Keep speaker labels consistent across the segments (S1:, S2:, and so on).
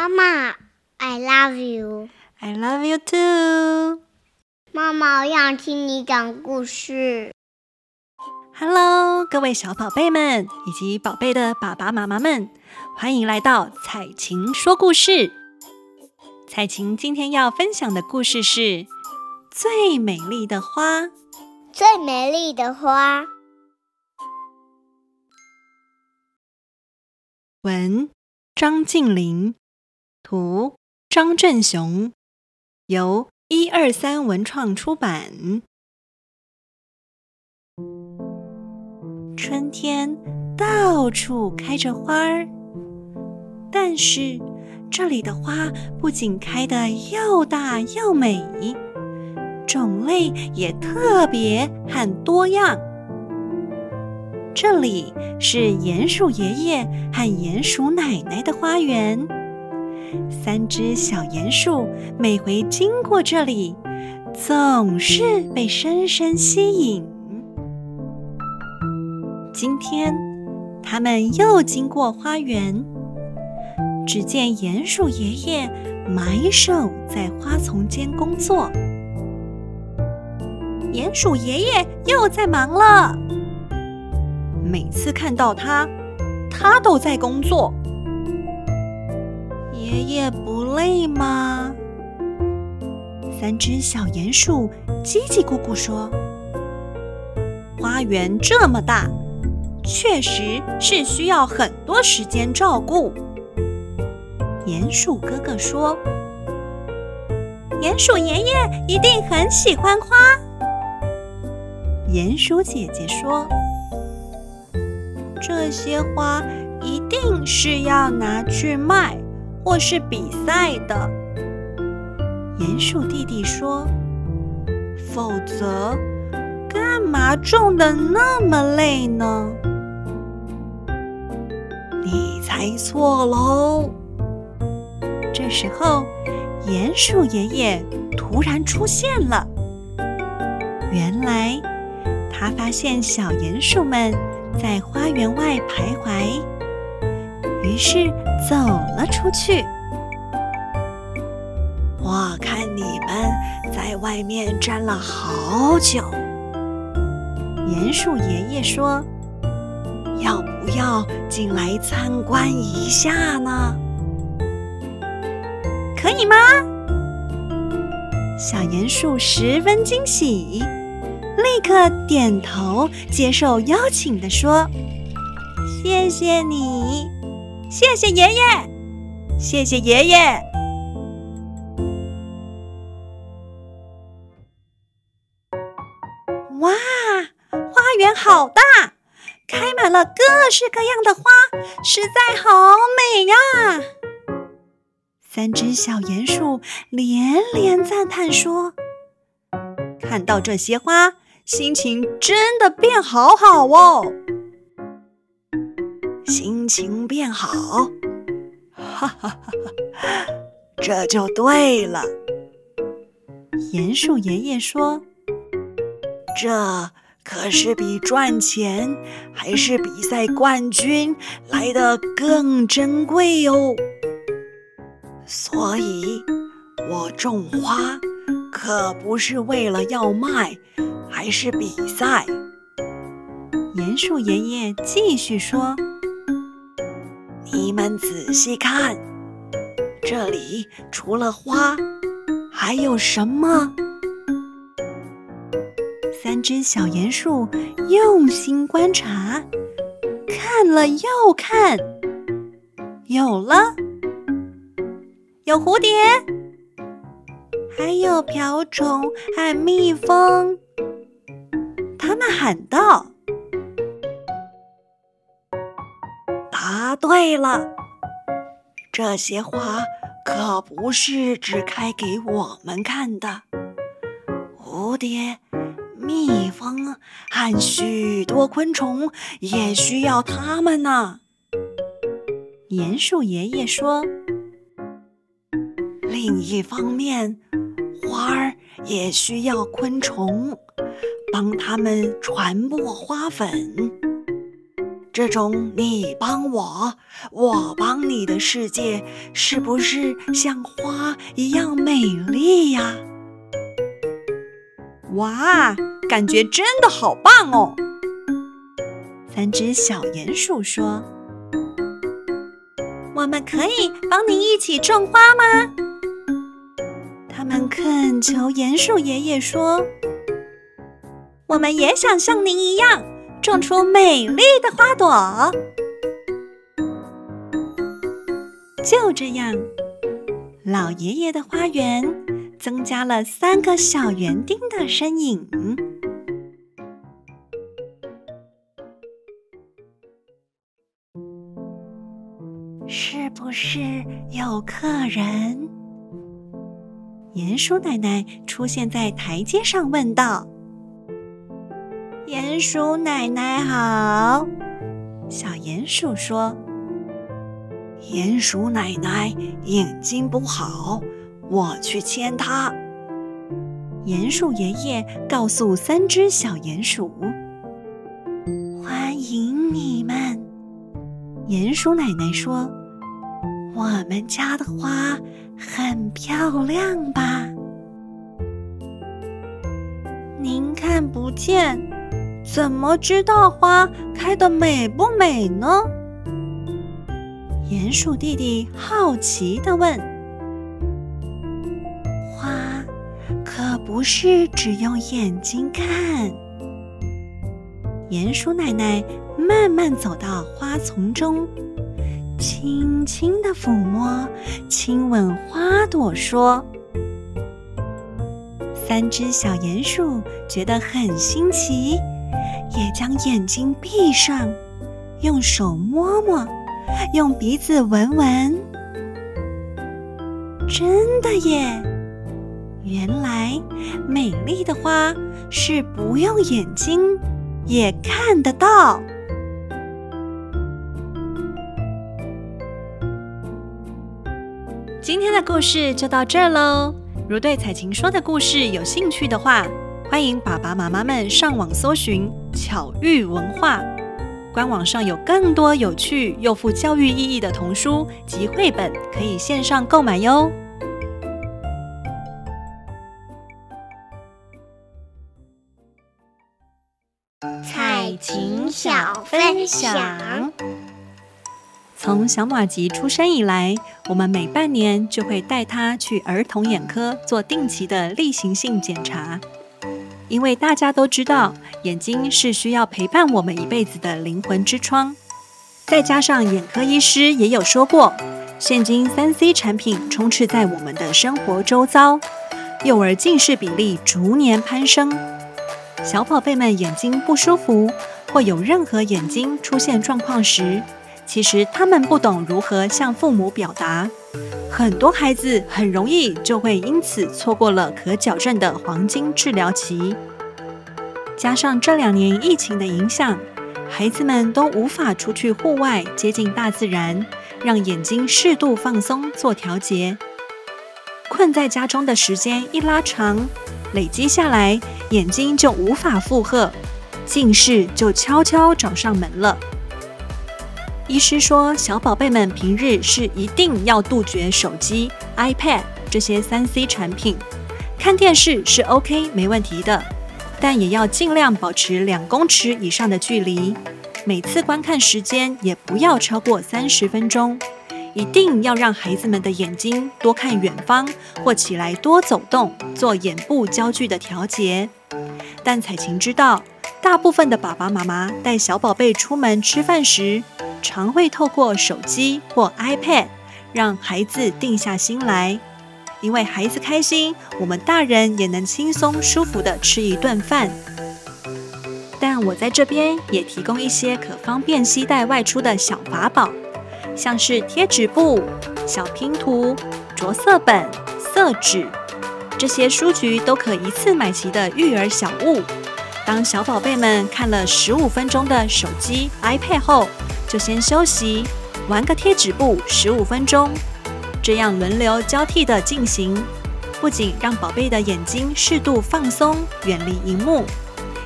S1: 媽媽，I love you. I love you too. 媽媽，我想聽你講故事。Hello，各位小寶貝們以及寶貝的爸爸媽媽們，歡迎來到采晴說故事。采晴今天要分享的故事是最美麗的花。最美麗的花。文張晉霖。圖張正雄，由一二三文創出版。春天到處開着花兒，但是這裡的花不僅開得又大又美，種類也特別很多樣。這裡是鼴鼠爺爺和鼴鼠奶奶的花園。三隻小鼴鼠每回經過這裡，總是被深深吸引。今天，他們又經過花園，只見鼴鼠爺爺埋首在花叢間工作。鼴鼠爺爺又在忙了。每次看到他，他都在工作。爺爺不累嗎？三隻小鼴鼠嘰嘰咕咕說：“花園這麼大，確實是需要很多時間照顧。”鼴鼠哥哥說：“鼴鼠爺爺一定很喜歡花。”鼴鼠姐姐說：“這些花一定是要拿去賣。”或是比賽的，鼴鼠弟弟說：“否則，幹嘛種得那麼累呢？”你猜錯嘍！這時候，鼴鼠爺爺突然出現了。原來，他發現小鼴鼠們在花園外徘徊。於是走了出去。我看你們在外面站了好久，鼴鼠爺爺說：“要不要進來參觀一下呢？可以嗎？”小鼴鼠十分驚喜，立刻點頭接受邀請的說：“謝謝你。”謝謝爺爺，謝謝爺爺！哇，花園好大，開滿了各式各樣的花，實在好美呀！三隻小鼴鼠連連讚嘆說：“看到這些花，心情真的變好好哦。”心情變好，哈哈哈哈，這就對了。鼴鼠爺爺說：“這可是比賺錢，還是比賽冠軍來得更珍貴哦。”所以，我種花可不是為了要賣，還是比賽。鼴鼠爺爺繼續說。你們仔細看，這裡除了花還有什麼？三只小鼹鼠用心觀察，看了又看，有了，有蝴蝶，還有瓢蟲和蜜蜂，他們喊道。對了，這些花可不是只開給我們看的，蝴蝶、蜜蜂和許多昆蟲也需要它們呢。鼴鼠爺爺說：“另一方面，花兒也需要昆蟲幫它們傳播花粉。”這種你幫我，我幫你的世界，是不是像花一樣美麗呀？哇，感覺真的好棒哦！三只小鼴鼠說：“我們可以幫您一起種花嗎？”他們懇求鼴鼠爺爺說：“我們也想像您一樣。”種出美麗的花朵。就這樣，老爺爺的花園增加了三個小園丁的身影。是不是有客人？鼴鼠奶奶出現在台階上問道。鼴鼠奶奶好，小鼴鼠說：“鼴鼠奶奶眼睛不好，我去牽它。”鼴鼠爺爺告訴三隻小鼴鼠：“歡迎你們。”鼴鼠奶奶說：“我們家的花很漂亮吧？您看不見。”怎麼知道花開得美不美呢？鼴鼠弟弟好奇地問，花，可不是只用眼睛看。鼴鼠奶奶慢慢走到花叢中，輕輕地撫摸、親吻花朵，說：“三隻小鼴鼠覺得很新奇。”也將眼睛閉上，用手摸摸，用鼻子聞聞，真的耶！原來美麗的花是不用眼睛也看得到。今天的故事就到這嘍。如對采晴說的故事有興趣的話，歡迎爸爸媽媽們上網搜尋。巧育文化官網上有更多有趣又富教育意義的童書及繪本，可以線上購買喲。采晴小分享：從小馬吉出生以來，我們每半年就會帶他去兒童眼科做定期的例行性檢查。因為大家都知道，眼睛是需要陪伴我們一輩子的靈魂之窗。再加上眼科醫師也有說過，現今 3C 產品充斥在我們的生活周遭，幼兒近視比例逐年攀升。小寶貝們眼睛不舒服，或有任何眼睛出現狀況時，其實他們不懂如何向父母表達，很多孩子很容易就會因此錯過了可矯正的黃金治療期。加上這兩年疫情的影響，孩子們都無法出去戶外接近大自然，讓眼睛適度放鬆做調節。困在家中的時間一拉長，累積下來，眼睛就無法負荷，近視就悄悄找上門了。醫師說，小寶貝們平日是一定要杜絕手機、iPad 這些三 C 產品，看電視是 OK 沒問題的，但也要盡量保持兩公尺以上的距離，每次觀看時間也不要超過三十分鐘，一定要讓孩子們的眼睛多看遠方或起來多走動，做眼部焦距的調節。但采晴知道，大部分的爸爸媽媽帶小寶貝出門吃飯時，常會透過手機或 iPad 讓孩子定下心來，因為孩子開心，我們大人也能輕鬆舒服的吃一頓飯。但我在這邊也提供一些可方便攜帶外出的小法寶，像是貼紙布、小拼圖、着色本、色紙，這些書局都可一次買齊的育兒小物。當小寶貝們看了十五分鐘的手機 iPad 後，就先休息，玩個貼紙簿十五分鐘，這樣輪流交替的進行，不僅讓寶貝的眼睛適度放鬆，遠離熒幕，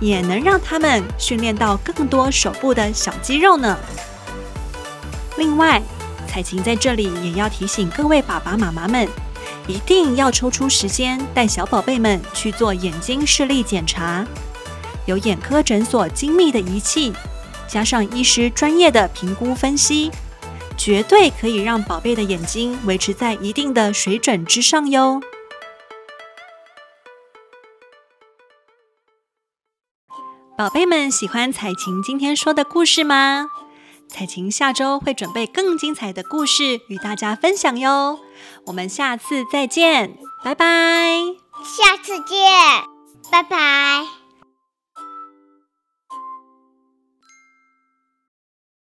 S1: 也能讓他們訓練到更多手部的小肌肉呢。另外，采晴在這裡也要提醒各位爸爸媽媽們，一定要抽出時間帶小寶貝們去做眼睛視力檢查，有眼科診所精密的儀器。加上醫師專業的評估分析，絕對可以讓寶貝的眼睛維持在一定的水準之上喲。寶貝們喜歡采晴今天說的故事嗎？采晴下週會準備更精彩的故事與大家分享喲。我們下次再見，拜拜！下次見，拜拜。